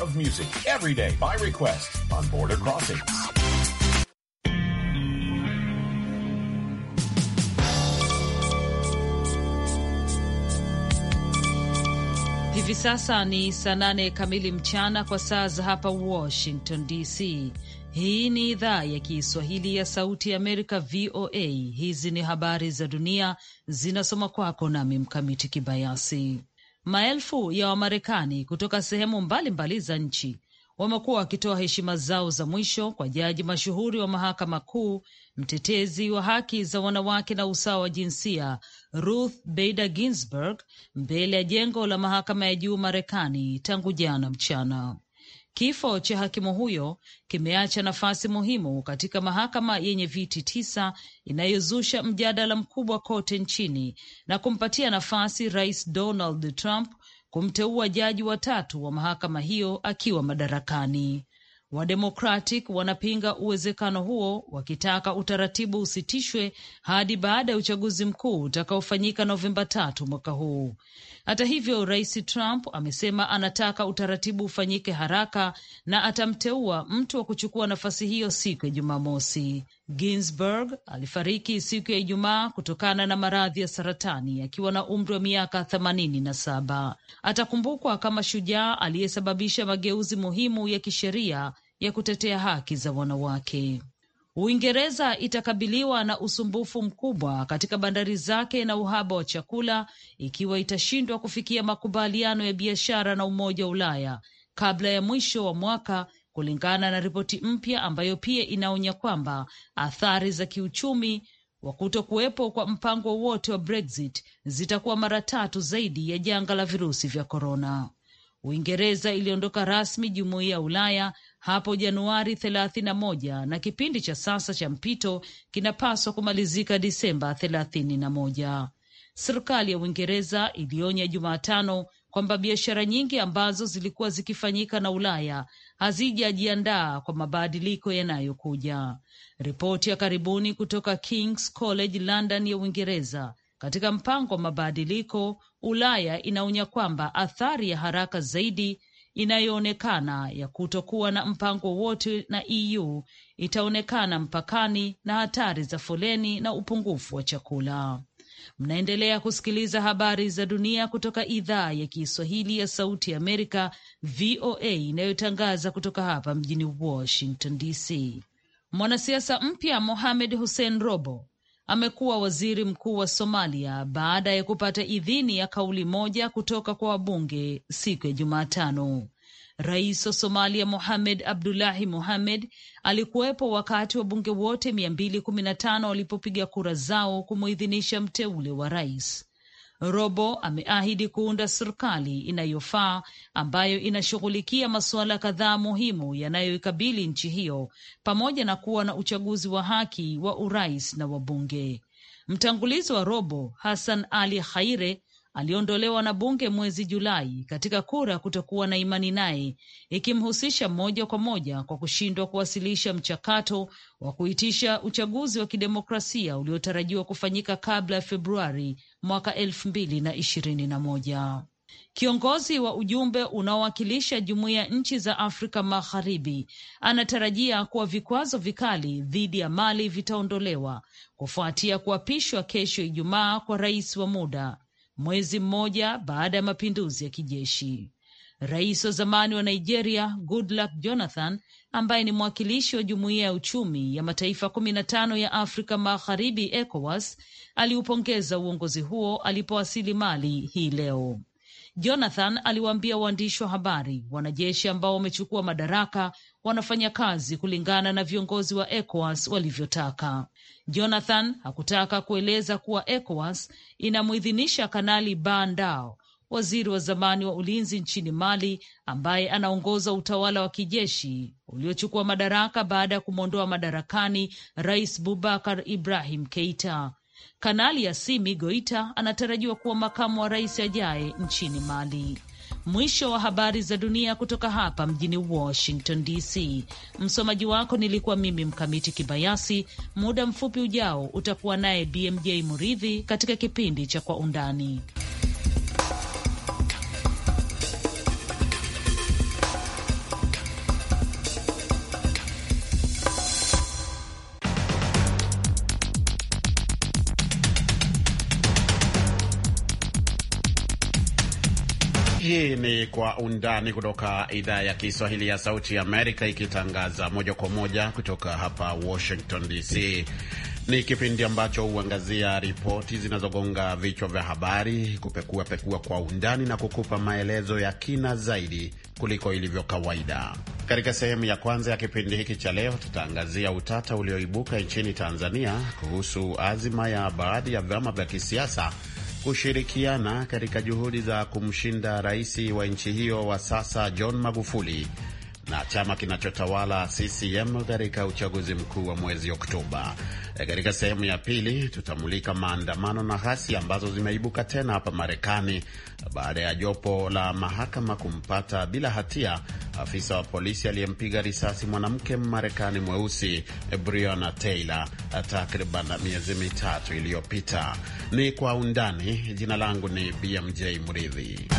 of music every day by request on Border Crossings. Hivi sasa ni saa nane kamili mchana kwa saa za hapa Washington DC. Hii ni idhaa ya Kiswahili ya Sauti ya Amerika, VOA. Hizi ni habari za dunia zinasoma kwako nami Mkamiti Kibayasi. Maelfu ya Wamarekani kutoka sehemu mbalimbali za nchi wamekuwa wakitoa heshima zao za mwisho kwa jaji mashuhuri wa mahakama kuu, mtetezi wa haki za wanawake na usawa wa jinsia Ruth Bader Ginsburg mbele ya jengo la mahakama ya juu Marekani tangu jana mchana. Kifo cha hakimu huyo kimeacha nafasi muhimu katika mahakama yenye viti tisa inayozusha mjadala mkubwa kote nchini na kumpatia nafasi Rais Donald Trump kumteua jaji watatu wa mahakama hiyo akiwa madarakani. Wademokratic wanapinga uwezekano huo, wakitaka utaratibu usitishwe hadi baada ya uchaguzi mkuu utakaofanyika Novemba tatu mwaka huu. Hata hivyo, Rais Trump amesema anataka utaratibu ufanyike haraka na atamteua mtu wa kuchukua nafasi hiyo siku ya Jumamosi. Ginsburg alifariki siku ya Ijumaa kutokana na maradhi ya saratani akiwa na umri wa miaka themanini na saba. Atakumbukwa kama shujaa aliyesababisha mageuzi muhimu ya kisheria ya kutetea haki za wanawake. Uingereza itakabiliwa na usumbufu mkubwa katika bandari zake na uhaba wa chakula ikiwa itashindwa kufikia makubaliano ya biashara na Umoja wa Ulaya kabla ya mwisho wa mwaka kulingana na ripoti mpya ambayo pia inaonya kwamba athari za kiuchumi wa kuto kuwepo kwa mpango wowote wa Brexit zitakuwa mara tatu zaidi ya janga la virusi vya korona. Uingereza iliondoka rasmi jumuiya ya Ulaya hapo Januari 31 na kipindi cha sasa cha mpito kinapaswa kumalizika Disemba 31. Serikali ya Uingereza ilionya Jumatano kwamba biashara nyingi ambazo zilikuwa zikifanyika na Ulaya hazijajiandaa kwa mabadiliko yanayokuja. Ripoti ya karibuni kutoka King's College London ya Uingereza katika mpango wa mabadiliko Ulaya inaonya kwamba athari ya haraka zaidi inayoonekana ya kutokuwa na mpango wowote na EU itaonekana mpakani na hatari za foleni na upungufu wa chakula. Mnaendelea kusikiliza habari za dunia kutoka idhaa ya Kiswahili ya Sauti ya Amerika, VOA, inayotangaza kutoka hapa mjini Washington DC. Mwanasiasa mpya Mohamed Hussein Robo amekuwa waziri mkuu wa Somalia baada ya kupata idhini ya kauli moja kutoka kwa wabunge siku ya Jumatano. Rais wa Somalia Mohamed Abdullahi Mohamed alikuwepo wakati wabunge wote mia mbili kumi na tano walipopiga kura zao kumuidhinisha mteule wa rais. Robo ameahidi kuunda serikali inayofaa ambayo inashughulikia masuala kadhaa muhimu yanayoikabili nchi hiyo pamoja na kuwa na uchaguzi wa haki wa urais na wabunge. Mtangulizi wa Robo Hassan Ali Khaire aliondolewa na bunge mwezi Julai katika kura kutokuwa na imani naye, ikimhusisha moja kwa moja kwa kushindwa kuwasilisha mchakato wa kuitisha uchaguzi wa kidemokrasia uliotarajiwa kufanyika kabla ya Februari mwaka elfu mbili na ishirini na moja. Kiongozi wa ujumbe unaowakilisha jumuiya nchi za Afrika Magharibi anatarajia kuwa vikwazo vikali dhidi ya Mali vitaondolewa kufuatia kuapishwa kesho Ijumaa kwa rais wa muda mwezi mmoja baada ya mapinduzi ya kijeshi. Rais wa zamani wa Nigeria Goodluck Jonathan ambaye ni mwakilishi wa jumuiya ya uchumi ya mataifa kumi na tano ya Afrika Magharibi, ECOWAS, aliupongeza uongozi huo alipowasili Mali hii leo. Jonathan aliwaambia waandishi wa habari wanajeshi ambao wamechukua madaraka wanafanya kazi kulingana na viongozi wa ECOWAS walivyotaka. Jonathan hakutaka kueleza kuwa ECOWAS inamuidhinisha Kanali Bandao, waziri wa zamani wa ulinzi nchini Mali, ambaye anaongoza utawala wa kijeshi uliochukua madaraka baada ya kumwondoa madarakani Rais Bubakar Ibrahim Keita. Kanali Assimi Goita anatarajiwa kuwa makamu wa rais ajaye nchini Mali. Mwisho wa habari za dunia kutoka hapa mjini Washington DC. Msomaji wako nilikuwa mimi Mkamiti Kibayasi. Muda mfupi ujao utakuwa naye BMJ Muridhi katika kipindi cha Kwa Undani. Hii ni Kwa Undani kutoka idhaa ya Kiswahili ya Sauti Amerika, ikitangaza moja kwa moja kutoka hapa Washington DC. Ni kipindi ambacho huangazia ripoti zinazogonga vichwa vya habari, kupekua pekua kwa undani na kukupa maelezo ya kina zaidi kuliko ilivyo kawaida. Katika sehemu ya kwanza ya kipindi hiki cha leo, tutaangazia utata ulioibuka nchini Tanzania kuhusu azima ya baadhi ya vyama vya kisiasa kushirikiana katika juhudi za kumshinda rais wa nchi hiyo wa sasa John Magufuli na chama kinachotawala CCM katika uchaguzi mkuu wa mwezi Oktoba. E, katika sehemu ya pili tutamulika maandamano na ghasia ambazo zimeibuka tena hapa Marekani baada ya jopo la mahakama kumpata bila hatia afisa wa polisi aliyempiga risasi mwanamke Mmarekani mweusi e, Breonna Taylor takriban miezi mitatu iliyopita. Ni kwa undani. Jina langu ni BMJ Mridhi.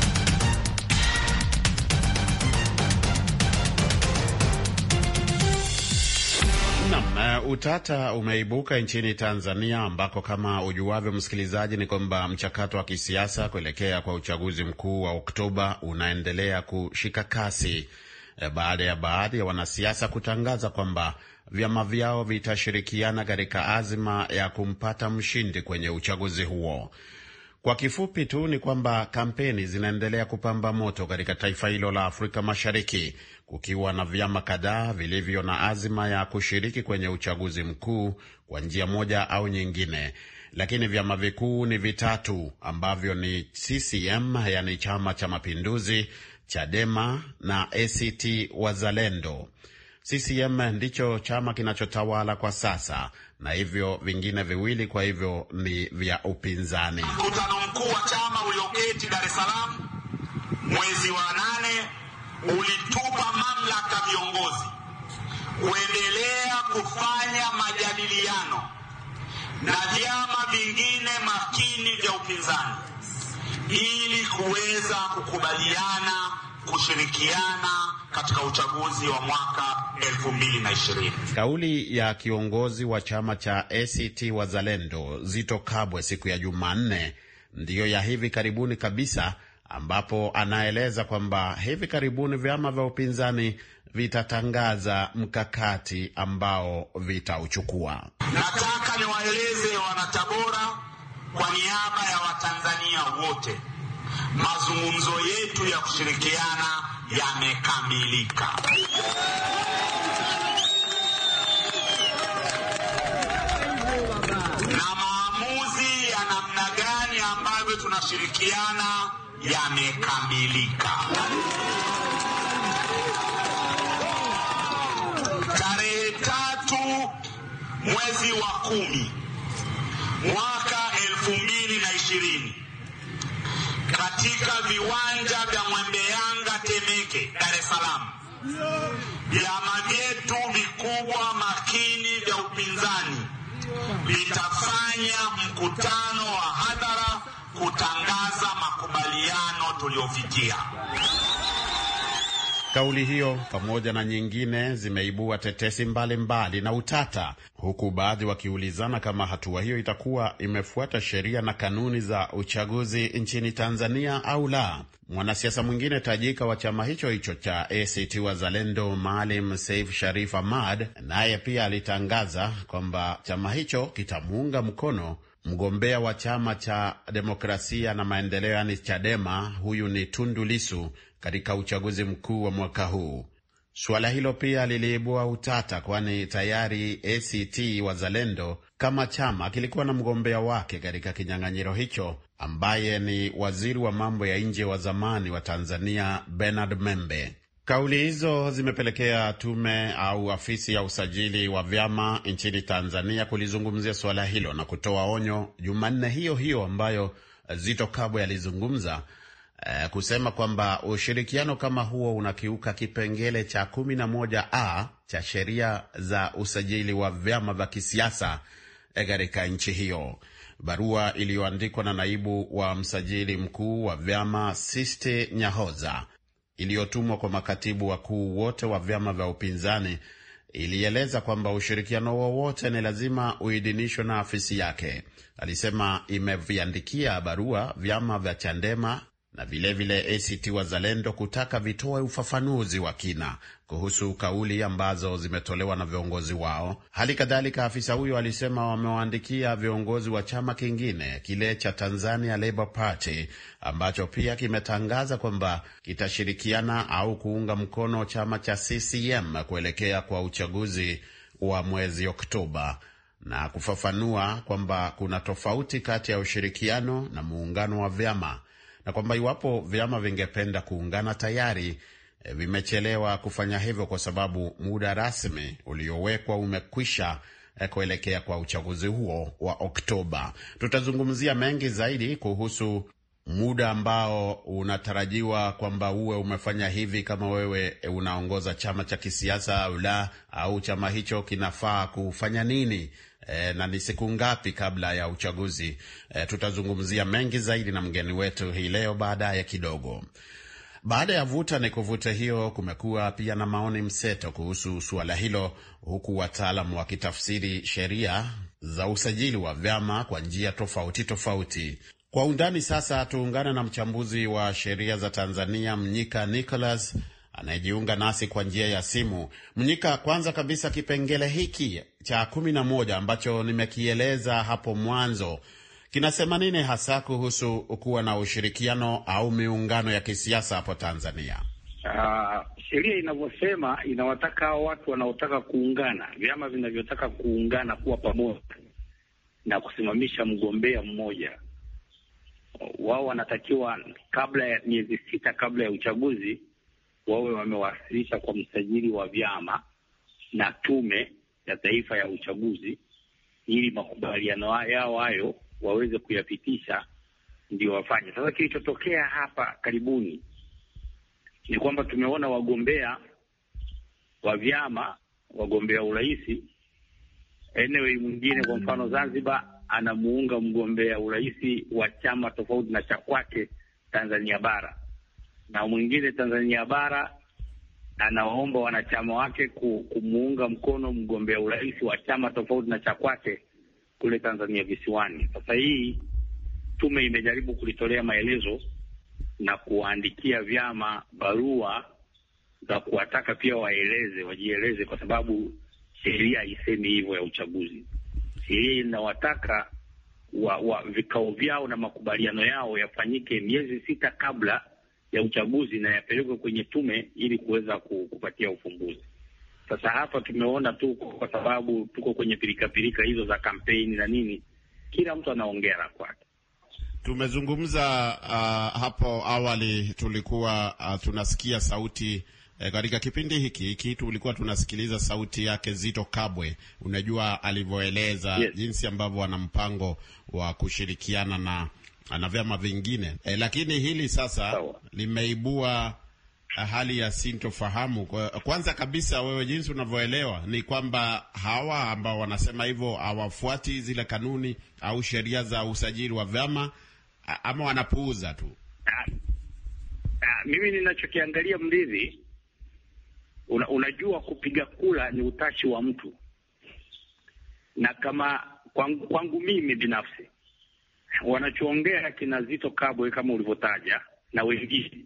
Uh, utata umeibuka nchini Tanzania ambako kama ujuavyo msikilizaji, ni kwamba mchakato wa kisiasa kuelekea kwa uchaguzi mkuu wa Oktoba unaendelea kushika kasi uh, baada ya baadhi ya wanasiasa kutangaza kwamba vyama vyao vitashirikiana katika azima ya kumpata mshindi kwenye uchaguzi huo. Kwa kifupi tu ni kwamba kampeni zinaendelea kupamba moto katika taifa hilo la Afrika Mashariki, kukiwa na vyama kadhaa vilivyo na azima ya kushiriki kwenye uchaguzi mkuu kwa njia moja au nyingine, lakini vyama vikuu ni vitatu ambavyo ni CCM, yani Chama cha Mapinduzi, Chadema na ACT Wazalendo. CCM ndicho chama kinachotawala kwa sasa na hivyo vingine viwili kwa hivyo ni vya upinzani. Mkutano mkuu wa chama ulioketi Dar es Salaam mwezi wa nane ulitupa mamlaka viongozi kuendelea kufanya majadiliano na vyama vingine makini vya upinzani ili kuweza kukubaliana kushirikiana katika uchaguzi wa mwaka 2020. Kauli ya kiongozi wa chama cha ACT Wazalendo Zito Kabwe siku ya Jumanne ndiyo ya hivi karibuni kabisa, ambapo anaeleza kwamba hivi karibuni vyama vya upinzani vitatangaza mkakati ambao vitauchukua. Nataka niwaeleze wanatabora kwa niaba ya Watanzania wote mazungumzo yetu ya kushirikiana yamekamilika. Na maamuzi ya namna gani ambavyo tunashirikiana yamekamilika. Tarehe tatu mwezi wa kumi mwaka elfu mbili na ishirini katika viwanja vya Mwembe Yanga Temeke, Dar es Salaam. Vyama vyetu vikubwa makini vya upinzani vitafanya mkutano wa hadhara kutangaza makubaliano tuliofikia Kauli hiyo pamoja na nyingine zimeibua tetesi mbalimbali mbali na utata, huku baadhi wakiulizana kama hatua hiyo itakuwa imefuata sheria na kanuni za uchaguzi nchini Tanzania au la. Mwanasiasa mwingine tajika wa chama hicho hicho cha ACT Wazalendo, Maalim Seif Sharif Ahmad, naye pia alitangaza kwamba chama hicho kitamuunga mkono mgombea wa chama cha demokrasia na maendeleo, yani Chadema, huyu ni Tundu Lisu katika uchaguzi mkuu wa mwaka huu. Suala hilo pia liliibua utata, kwani tayari ACT Wazalendo kama chama kilikuwa na mgombea wake katika kinyang'anyiro hicho ambaye ni waziri wa mambo ya nje wa zamani wa Tanzania Bernard Membe. Kauli hizo zimepelekea tume au afisi ya usajili wa vyama nchini Tanzania kulizungumzia suala hilo na kutoa onyo Jumanne hiyo hiyo ambayo Zito Kabwe alizungumza uh, kusema kwamba ushirikiano kama huo unakiuka kipengele cha 11a cha sheria za usajili wa vyama vya kisiasa eh, katika nchi hiyo. Barua iliyoandikwa na naibu wa msajili mkuu wa vyama Siste Nyahoza iliyotumwa kwa makatibu wakuu wote wa vyama vya upinzani ilieleza kwamba ushirikiano wowote ni lazima uidhinishwe na afisi yake. Alisema imeviandikia barua vyama vya Chandema, na vilevile vile ACT Wazalendo kutaka vitoe ufafanuzi wa kina kuhusu kauli ambazo zimetolewa na viongozi wao. Hali kadhalika, afisa huyo alisema wamewaandikia viongozi wa chama kingine kile cha Tanzania Labour Party ambacho pia kimetangaza kwamba kitashirikiana au kuunga mkono chama cha CCM kuelekea kwa uchaguzi wa mwezi Oktoba na kufafanua kwamba kuna tofauti kati ya ushirikiano na muungano wa vyama na kwamba iwapo vyama vingependa kuungana tayari e, vimechelewa kufanya hivyo kwa sababu muda rasmi uliowekwa umekwisha e, kuelekea kwa uchaguzi huo wa Oktoba. Tutazungumzia mengi zaidi kuhusu muda ambao unatarajiwa kwamba uwe umefanya hivi, kama wewe e, unaongoza chama cha kisiasa au la, au chama hicho kinafaa kufanya nini e, na ni siku ngapi kabla ya uchaguzi e, tutazungumzia mengi zaidi na mgeni wetu hii leo baadaye kidogo. Baada ya vuta ni kuvuta hiyo, kumekuwa pia na maoni mseto kuhusu suala hilo, huku wataalamu wakitafsiri sheria za usajili wa vyama kwa njia tofauti tofauti. Kwa undani sasa, tuungane na mchambuzi wa sheria za Tanzania Mnyika Nicholas anayejiunga nasi kwa njia ya simu. Mnyika, kwanza kabisa, kipengele hiki cha kumi na moja ambacho nimekieleza hapo mwanzo kinasema nini hasa kuhusu kuwa na ushirikiano au miungano ya kisiasa hapo Tanzania? Uh, sheria inavyosema inawataka hao watu wanaotaka kuungana, vyama vinavyotaka kuungana kuwa pamoja na kusimamisha mgombea mmoja wao wanatakiwa kabla ya miezi sita kabla ya uchaguzi wawe wamewasilisha kwa msajili wa vyama na Tume ya Taifa ya Uchaguzi ili makubaliano yao hayo waweze kuyapitisha ndio wafanye. Sasa kilichotokea hapa karibuni ni kwamba tumeona wagombea wa vyama, wagombea urais eneo mwingine, kwa mfano Zanzibar anamuunga mgombea urais wa chama tofauti na cha kwake Tanzania bara na mwingine Tanzania Bara, anaomba wanachama wake kumuunga mkono mgombea urais wa chama tofauti na cha kwake kule Tanzania visiwani. Sasa hii tume imejaribu kulitolea maelezo na kuwaandikia vyama barua za kuwataka pia waeleze, wajieleze, kwa sababu sheria haisemi hivyo ya uchaguzi. Sheria inawataka wa, wa vikao vyao na makubaliano yao yafanyike miezi sita kabla ya uchaguzi na yapelekwe kwenye tume ili kuweza kupatia ufumbuzi. Sasa hapa tumeona tu, kwa sababu tuko kwenye pirikapirika hizo za kampeni na nini, kila mtu anaongera kwake. Tumezungumza uh, hapo awali tulikuwa uh, tunasikia sauti eh, katika kipindi hiki hiki tulikuwa tunasikiliza sauti yake Zito Kabwe. Unajua alivyoeleza yes, jinsi ambavyo wana mpango wa kushirikiana na na vyama vingine e, lakini hili sasa limeibua eh, hali ya sintofahamu. Kwanza kabisa, wewe, jinsi unavyoelewa, ni kwamba hawa ambao wanasema hivyo hawafuati zile kanuni au sheria za usajili wa vyama ama wanapuuza tu? Ah, ah, mimi ninachokiangalia mlizi, una, unajua kupiga kura ni utashi wa mtu, na kama kwangu, kwangu mimi binafsi wanachoongea kina Zito Kabwe kama ulivyotaja na wengine,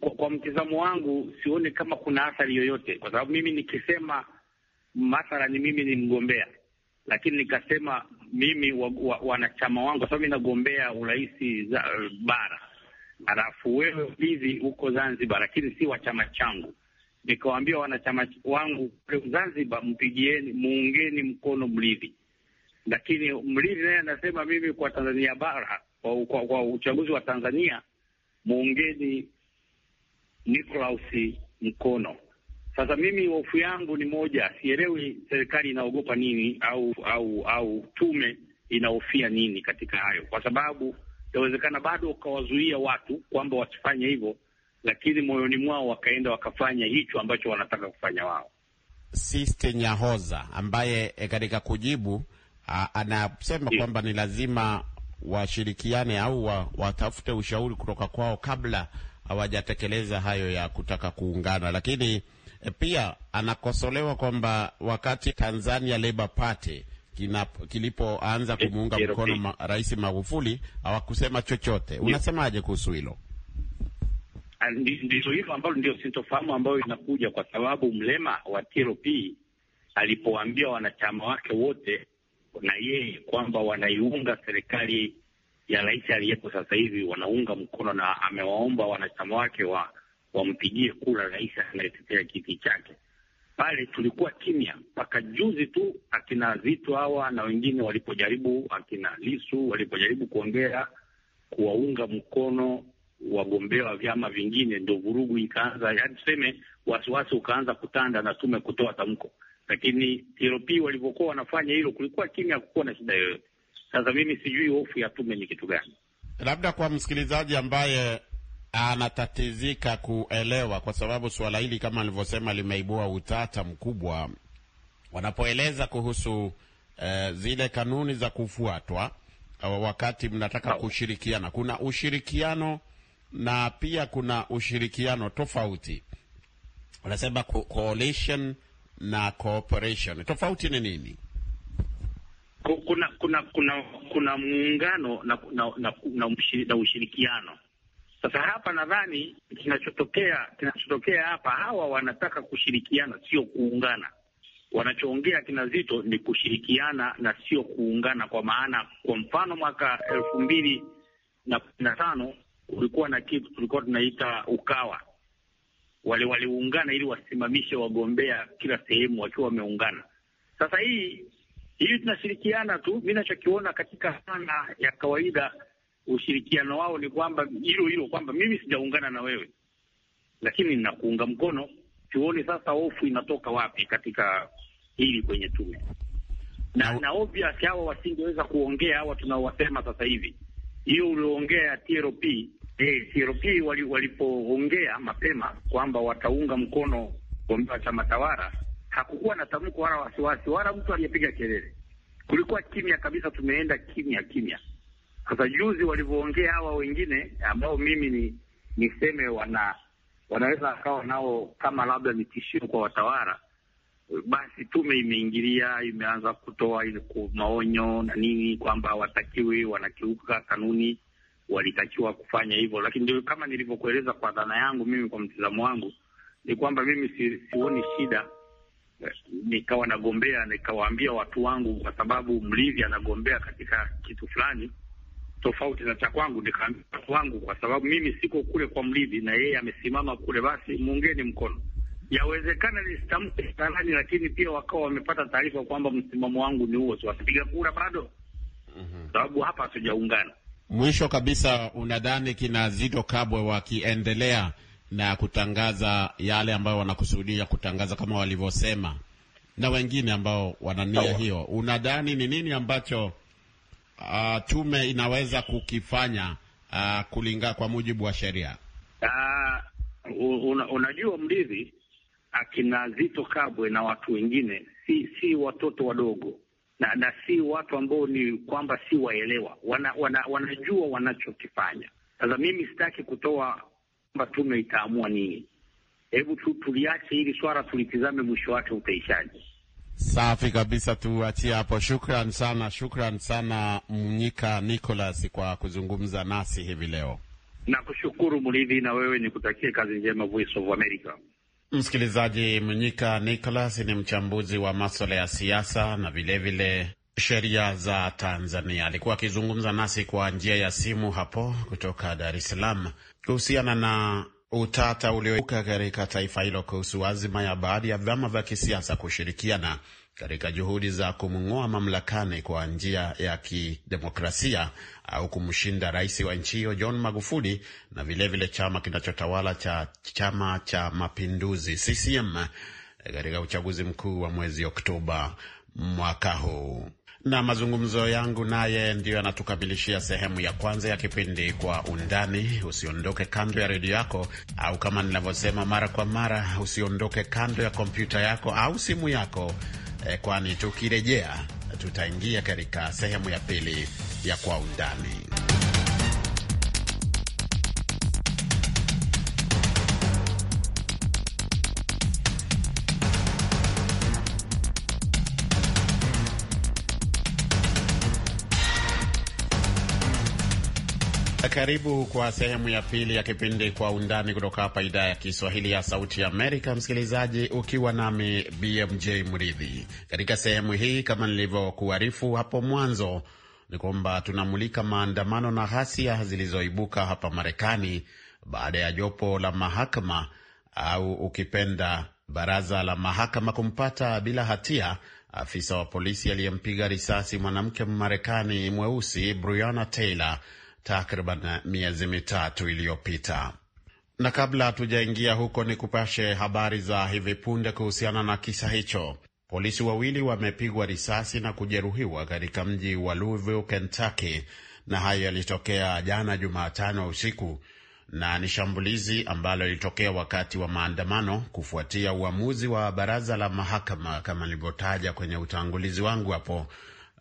kwa, kwa mtizamo wangu sioni kama kuna athari yoyote, kwa sababu mimi nikisema mathalani mimi ni mgombea lakini nikasema mimi wa, wa, wanachama wangu kwa sababu nagombea urais bara, alafu wewe hivi huko Zanzibar, lakini si wa chama changu, nikawaambia wanachama wangu Zanzibar, mpigieni muungeni mkono Mlidhi lakini Mlili naye anasema mimi, kwa Tanzania bara, kwa, kwa, kwa uchaguzi wa Tanzania muungeni Niklaus Mkono. Sasa mimi hofu yangu ni moja, sielewi serikali inaogopa nini au au au tume inahofia nini katika hayo, kwa sababu inawezekana bado ukawazuia watu kwamba wasifanye hivyo, lakini moyoni mwao wakaenda wakafanya hicho ambacho wanataka kufanya wao. Siste Nyahoza ambaye eh, katika kujibu Ah, anasema kwamba ni lazima washirikiane au wa, watafute ushauri kutoka kwao kabla hawajatekeleza hayo ya kutaka kuungana. Lakini eh, pia anakosolewa kwamba wakati Tanzania Labour Party kilipoanza eh, kumuunga mkono ma, Rais Magufuli hawakusema chochote. Unasemaje kuhusu hilo? Ah, ndizo hilo ambalo ndio sintofahamu ambayo inakuja kwa sababu mlema wa TLP alipoambia wanachama wake wote na yeye kwamba wanaiunga serikali ya rais aliyepo sasa hivi, wanaunga mkono na amewaomba wanachama wake wa wampigie kura rais anayetetea kiti chake. Pale tulikuwa kimya mpaka juzi tu, akina Zito hawa na wengine walipojaribu, akina Lisu walipojaribu kuongea kuwaunga mkono wagombea wa vyama vingine, ndo vurugu ikaanza, Yani tuseme wasiwasi ukaanza kutanda na tume kutoa tamko lakini TLP walivyokuwa wanafanya hilo kulikuwa kimya, hakukuwa na shida yoyote. Sasa mimi sijui hofu ya tume ni kitu gani. Labda kwa msikilizaji ambaye anatatizika kuelewa, kwa sababu suala hili kama alivyosema limeibua utata mkubwa, wanapoeleza kuhusu eh, zile kanuni za kufuatwa wakati mnataka no. kushirikiana, kuna ushirikiano na pia kuna ushirikiano tofauti, wanasema coalition na cooperation, tofauti ni nini? Kuna kuna kuna kuna muungano na, na, na, na, na ushirikiano. Sasa hapa nadhani kinachotokea kinachotokea hapa, hawa wanataka kushirikiana, sio kuungana. Wanachoongea kina Zito ni kushirikiana na sio kuungana, kwa maana kwa mfano mwaka elfu mbili na kumi na tano kulikuwa na kitu tulikuwa tunaita Ukawa wale waliungana ili wasimamishe wagombea kila sehemu wakiwa wameungana. Sasa hii hii tunashirikiana tu. mi nachokiona katika sana ya kawaida ushirikiano wao ni kwamba hilo hilo kwamba mimi sijaungana na wewe, lakini ninakuunga mkono. Tuone sasa hofu inatoka wapi katika hili kwenye tume na, no. na obvious hawa wasingeweza kuongea hawa tunaowasema sasa hivi. Hiyo ulioongea TRP E, wali, walipoongea mapema kwamba wataunga mkono gombea wa chama tawala, hakukuwa na tamko wala wasiwasi wala mtu aliyepiga kelele, kulikuwa kimya kabisa, tumeenda kimya kimya. Sasa juzi walivyoongea hawa wengine ambao mimi ni niseme wana wanaweza akawa nao kama labda ni tishio kwa watawala, basi tume imeingilia, imeanza kutoa maonyo na nini kwamba hawatakiwi, wanakiuka kanuni walitakiwa kufanya hivyo, lakini ndio kama nilivyokueleza, kwa dhana yangu mimi, kwa mtizamo wangu ni kwamba mimi si, sioni shida eh, nikawa nagombea nikawaambia watu wangu, kwa sababu mlivi anagombea katika kitu fulani tofauti na cha kwangu, nikaambia watu wangu, kwa sababu mimi siko kule kwa mlivi na yeye amesimama kule, basi muungeni mkono. Yawezekana nisitamke hadharani, lakini pia wakawa wamepata taarifa kwamba msimamo wangu ni huo, siwapiga kura bado, mhm. sababu hapa hatujaungana. Mwisho kabisa, unadhani kina Zito Kabwe wakiendelea na kutangaza yale ambayo wanakusudia kutangaza kama walivyosema na wengine ambao wanania hiyo, unadhani ni nini ambacho uh, tume inaweza kukifanya uh, kulinga kwa mujibu wa sheria? Uh, una, unajua mridhi, akina Zito Kabwe na watu wengine si si watoto wadogo na, na si watu ambao ni kwamba si waelewa, wana, wana, wanajua wanachokifanya. Sasa mimi sitaki kutoa kwamba tume itaamua nini. Hebu tu tuliache hili swala tulitizame, mwisho wake utaishaji. Safi kabisa, tuachie hapo. Shukran sana, shukran sana Mnyika Nicholas kwa kuzungumza nasi hivi leo. Nakushukuru Mridhi, na wewe nikutakie kazi njema, Voice of America. Msikilizaji, Mnyika Nicholas ni mchambuzi wa maswala ya siasa na vilevile sheria za Tanzania. Alikuwa akizungumza nasi kwa njia ya simu hapo kutoka Dar es Salaam kuhusiana na utata ulioibuka katika taifa hilo kuhusu azima ya baadhi ya vyama vya kisiasa kushirikiana katika juhudi za kumng'oa mamlakani kwa njia ya kidemokrasia au kumshinda rais wa nchi hiyo John Magufuli na vilevile vile chama kinachotawala cha Chama cha Mapinduzi CCM katika uchaguzi mkuu wa mwezi Oktoba mwaka huu. Na mazungumzo yangu naye ndiyo yanatukamilishia sehemu ya kwanza ya kipindi Kwa Undani. Usiondoke kando ya redio yako, au kama ninavyosema mara kwa mara, usiondoke kando ya kompyuta yako au simu yako eh, kwani tukirejea tutaingia katika sehemu ya pili ya kwa undani. Karibu kwa sehemu ya pili ya kipindi Kwa Undani kutoka hapa idhaa ya Kiswahili ya Sauti ya Amerika, msikilizaji, ukiwa nami BMJ Mridhi. Katika sehemu hii, kama nilivyokuarifu hapo mwanzo, ni kwamba tunamulika maandamano na ghasia zilizoibuka hapa Marekani baada ya jopo la mahakama au ukipenda baraza la mahakama kumpata bila hatia afisa wa polisi aliyempiga risasi mwanamke Mmarekani mweusi briana Taylor takriban miezi mitatu iliyopita. Na kabla hatujaingia huko, ni kupashe habari za hivi punde kuhusiana na kisa hicho. Polisi wawili wamepigwa risasi na kujeruhiwa katika mji wa Louisville, Kentucky, na hayo yalitokea jana Jumatano usiku na ni shambulizi ambalo lilitokea wakati wa maandamano kufuatia uamuzi wa baraza la mahakama, kama nilivyotaja kwenye utangulizi wangu hapo,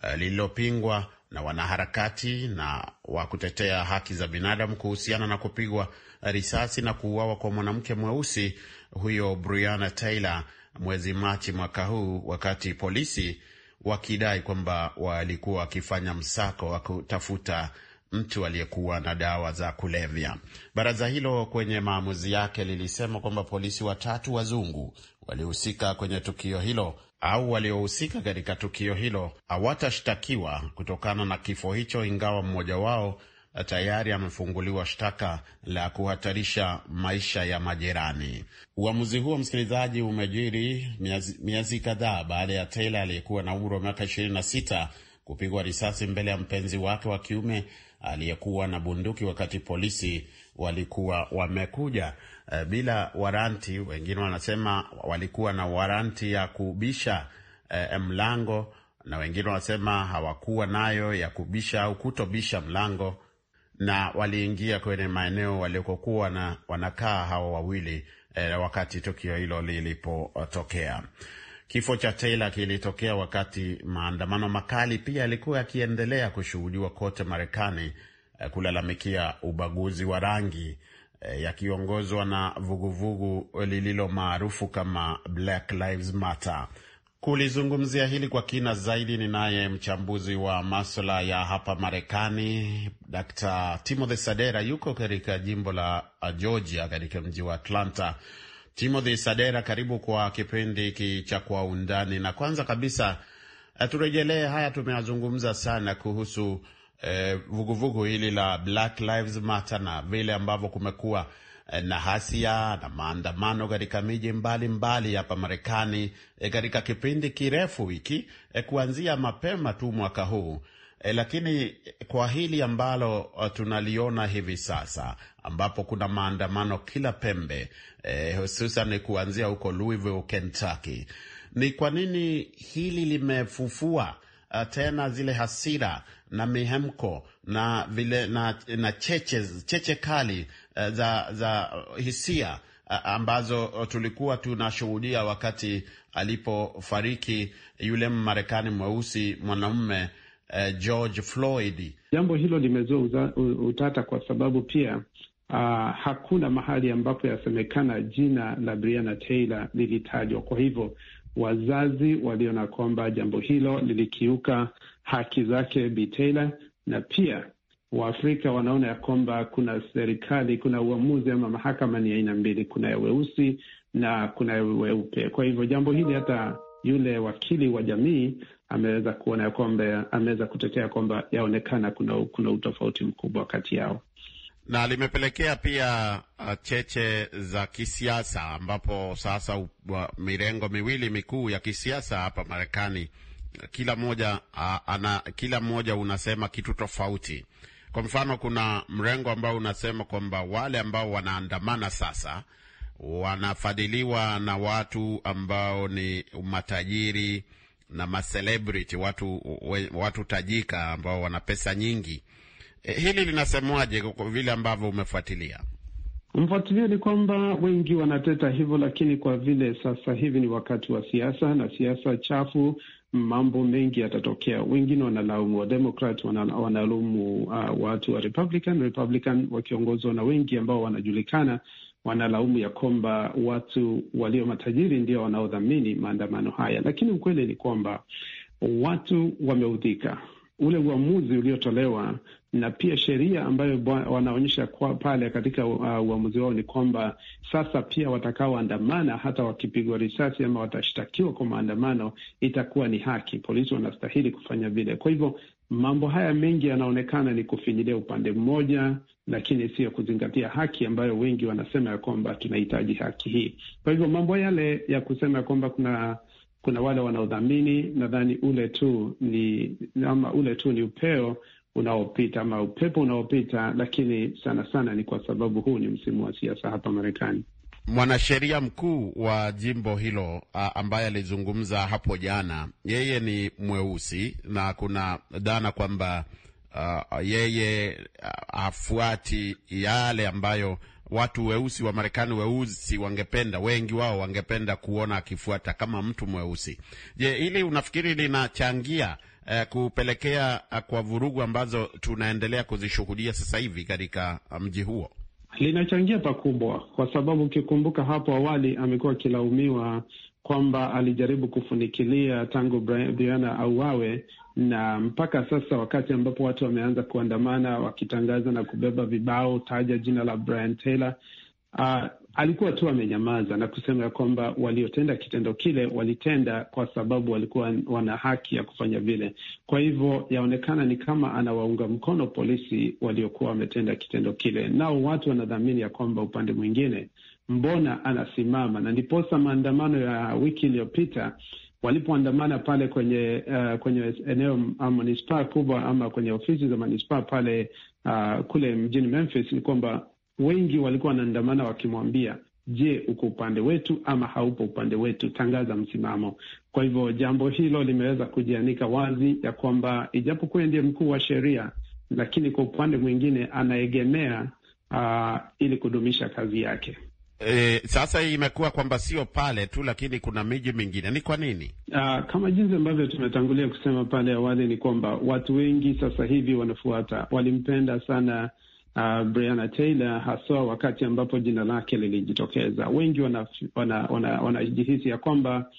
eh, lililopingwa na wanaharakati na wa kutetea haki za binadamu kuhusiana na kupigwa risasi na kuuawa kwa mwanamke mweusi huyo Brianna Taylor mwezi Machi mwaka huu, wakati polisi wakidai kwamba walikuwa wakifanya msako wa kutafuta mtu aliyekuwa na dawa za kulevya. Baraza hilo kwenye maamuzi yake lilisema kwamba polisi watatu wazungu walihusika kwenye tukio hilo au waliohusika katika tukio hilo hawatashtakiwa kutokana na kifo hicho, ingawa mmoja wao eh, tayari amefunguliwa shtaka la kuhatarisha maisha ya majirani. Uamuzi huo, msikilizaji, umejiri miezi, miezi kadhaa baada ya Taylor aliyekuwa na umri wa miaka 26 kupigwa risasi mbele ya mpenzi wake wa kiume aliyekuwa na bunduki wakati polisi walikuwa wamekuja uh, bila waranti. Wengine wanasema walikuwa na waranti ya kubisha uh, mlango, na wengine wanasema hawakuwa nayo ya kubisha au kutobisha mlango, na waliingia kwenye maeneo waliokokuwa na wanakaa hao wawili uh, wakati tukio hilo lilipotokea. Kifo cha Taylor kilitokea wakati maandamano makali pia yalikuwa yakiendelea kushuhudiwa kote Marekani kulalamikia ubaguzi wa rangi Eh, yakiongozwa na vuguvugu lililo maarufu kama Black Lives Matter. Kulizungumzia hili kwa kina zaidi ni naye mchambuzi wa maswala ya hapa Marekani, Dr. Timothy Sadera yuko katika jimbo la uh, Georgia katika mji wa Atlanta. Timothy Sadera, karibu kwa kipindi hiki cha Kwa Undani. Na kwanza kabisa eh, turejelee haya, tumeyazungumza sana kuhusu Eh, vuguvugu eh, hili la Black Lives Matter na vile ambavyo kumekuwa eh, na hasia na maandamano katika miji mbalimbali hapa Marekani eh, katika kipindi kirefu wiki eh, kuanzia mapema tu mwaka huu. eh, lakini kwa hili ambalo eh, tunaliona hivi sasa ambapo kuna maandamano kila pembe e, hususan kuanzia huko Louisville, Kentucky, ni kwa nini hili limefufua tena zile hasira na mihemko na vile na, na cheche, cheche kali eh, za, za hisia eh, ambazo eh, tulikuwa tunashuhudia wakati alipofariki yule Mmarekani mweusi mwanamume George Floyd. Jambo hilo limezua utata kwa sababu pia uh, hakuna mahali ambapo yasemekana jina la Breonna Taylor lilitajwa. Kwa hivyo wazazi waliona kwamba jambo hilo lilikiuka haki zake Bi Taylor, na pia Waafrika wanaona ya kwamba kuna serikali, kuna uamuzi ama mahakama ni aina mbili, kuna ya weusi na kuna ya weupe. Kwa hivyo jambo hili hata yule wakili wa jamii ameweza kuona ya kwamba ameweza kutetea kwamba yaonekana kuna, kuna utofauti mkubwa kati yao na limepelekea pia uh, cheche za kisiasa ambapo sasa mirengo miwili mikuu ya kisiasa hapa Marekani kila moja a, ana, kila moja unasema kitu tofauti. Kwa mfano, kuna mrengo ambao unasema kwamba wale ambao wanaandamana sasa wanafadhiliwa na watu ambao ni matajiri na macelebrity, watu, watu tajika ambao wana pesa nyingi. E, hili linasemwaje vile ambavyo umefuatilia? Mfuatilio ni kwamba wengi wanateta hivyo, lakini kwa vile sasa hivi ni wakati wa siasa na siasa chafu mambo mengi yatatokea. Wengine wanalaumu Wademokrat, wanalaumu uh, watu wa Republican, Republican wakiongozwa na wengi ambao wanajulikana wanalaumu ya kwamba watu walio matajiri ndio wanaodhamini maandamano haya, lakini ukweli ni kwamba watu wameudhika. Ule uamuzi uliotolewa na pia sheria ambayo wanaonyesha kwa pale katika uh, uamuzi wao ni kwamba sasa pia watakaoandamana hata wakipigwa risasi ama watashtakiwa kwa maandamano itakuwa ni haki, polisi wanastahili kufanya vile. Kwa hivyo mambo haya mengi yanaonekana ni kufinyilia upande mmoja, lakini sio kuzingatia haki ambayo wengi wanasema ya kwamba tunahitaji haki hii. Kwa hivyo mambo yale ya kusema ya kwamba kuna kuna wale wanaodhamini, nadhani ule tu ni ama ule tu ni upeo unaopita ama upepo unaopita, lakini sana sana ni kwa sababu huu ni msimu wa siasa hapa Marekani. Mwanasheria mkuu wa jimbo hilo ambaye alizungumza hapo jana, yeye ni mweusi na kuna dhana kwamba uh, yeye hafuati yale ambayo watu weusi wa Marekani weusi wangependa, wengi wao wangependa kuona akifuata kama mtu mweusi. Je, hili unafikiri linachangia eh, kupelekea eh, kwa vurugu ambazo tunaendelea kuzishuhudia sasa hivi katika eh, mji huo? Linachangia pakubwa, kwa sababu ukikumbuka hapo awali amekuwa akilaumiwa kwamba alijaribu kufunikilia tangu Briana auawe, na mpaka sasa wakati ambapo watu wameanza kuandamana wakitangaza na kubeba vibao, taja jina la Brian Taylor. Uh, alikuwa tu amenyamaza na kusema ya kwamba waliotenda kitendo kile walitenda kwa sababu walikuwa wana haki ya kufanya vile. Kwa hivyo yaonekana ni kama anawaunga mkono polisi waliokuwa wametenda kitendo kile, nao watu wanadhamini ya kwamba upande mwingine, mbona anasimama? Na ndiposa maandamano ya wiki iliyopita walipoandamana pale kwenye uh, kwenye eneo manispaa kubwa ama kwenye ofisi za manispaa pale uh, kule mjini Memphis ni kwamba wengi walikuwa wanaandamana wakimwambia, je, uko upande wetu ama haupo upande wetu? Tangaza msimamo. Kwa hivyo jambo hilo limeweza kujianika wazi ya kwamba ijapokuwa ndiye mkuu wa sheria, lakini kwa upande mwingine anaegemea uh, ili kudumisha kazi yake. E, sasa imekuwa kwamba sio pale tu, lakini kuna miji mingine. Ni kwa nini? Uh, kama jinsi ambavyo tumetangulia kusema pale awali ni kwamba watu wengi sasa hivi wanafuata, walimpenda sana uh, ah, Breonna Taylor, haswa wakati ambapo jina lake lilijitokeza. Wengi wanajihisi wana, wana, ya kwamba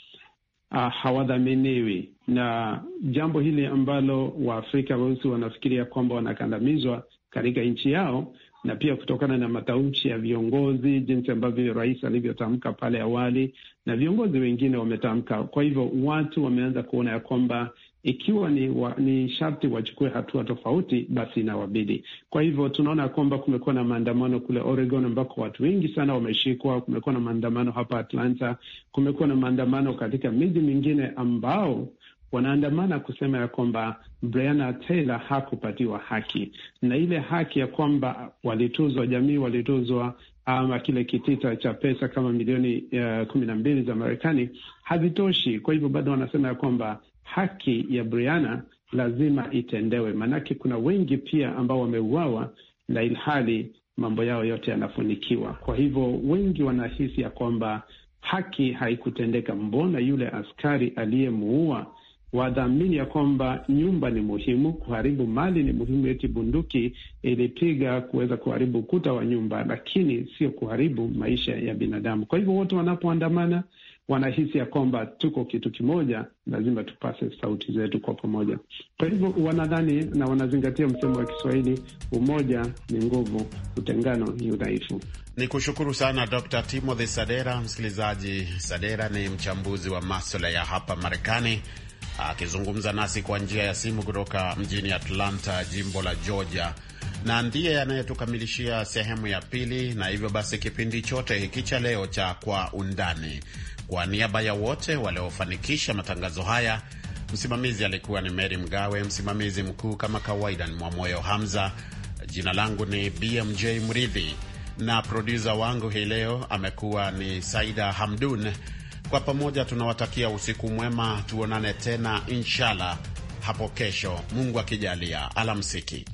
uh, hawadhaminiwi na jambo hili ambalo Waafrika weusi wanafikiria kwamba wanakandamizwa katika nchi yao, na pia kutokana na matamshi ya viongozi, jinsi ambavyo rais alivyotamka pale awali na viongozi wengine wametamka. Kwa hivyo watu wameanza kuona ya kwamba ikiwa ni, wa, ni sharti wachukue hatua tofauti, basi inawabidi. Kwa hivyo tunaona kwamba kumekuwa na maandamano kule Oregon ambako watu wengi sana wameshikwa. Kumekuwa na maandamano hapa Atlanta, kumekuwa na maandamano katika miji mingine ambao wanaandamana kusema ya kwamba Breonna Taylor hakupatiwa haki na ile haki ya kwamba walituzwa, jamii walituzwa ama kile kitita cha pesa kama milioni eh, kumi na mbili za Marekani hazitoshi. Kwa hivyo bado wanasema ya kwamba haki ya Briana lazima itendewe, maanake kuna wengi pia ambao wameuawa na ilhali mambo yao yote yanafunikiwa. Kwa hivyo wengi wanahisi ya kwamba haki haikutendeka. Mbona yule askari aliyemuua? Wadhamini ya kwamba nyumba ni muhimu, kuharibu mali ni muhimu, eti bunduki ilipiga kuweza kuharibu ukuta wa nyumba, lakini sio kuharibu maisha ya binadamu. Kwa hivyo wote wanapoandamana wanahisi ya kwamba tuko kitu kimoja, lazima tupase sauti zetu kwa pamoja. Kwa hivyo wanadhani na wanazingatia msemo wa Kiswahili, umoja ni nguvu, utengano ni udhaifu. Ni kushukuru sana Dr. Timothy Sadera. Msikilizaji, Sadera ni mchambuzi wa maswala ya hapa Marekani akizungumza nasi kwa njia ya simu kutoka mjini Atlanta, jimbo la Georgia na ndiye anayetukamilishia sehemu ya pili, na hivyo basi kipindi chote hiki cha leo cha Kwa Undani. Kwa niaba ya wote waliofanikisha matangazo haya, msimamizi alikuwa ni Meri Mgawe, msimamizi mkuu kama kawaida ni Mwamoyo Hamza, jina langu ni BMJ Mridhi na produsa wangu hii leo amekuwa ni Saida Hamdun. Kwa pamoja tunawatakia usiku mwema, tuonane tena inshallah hapo kesho, Mungu akijalia. Alamsiki.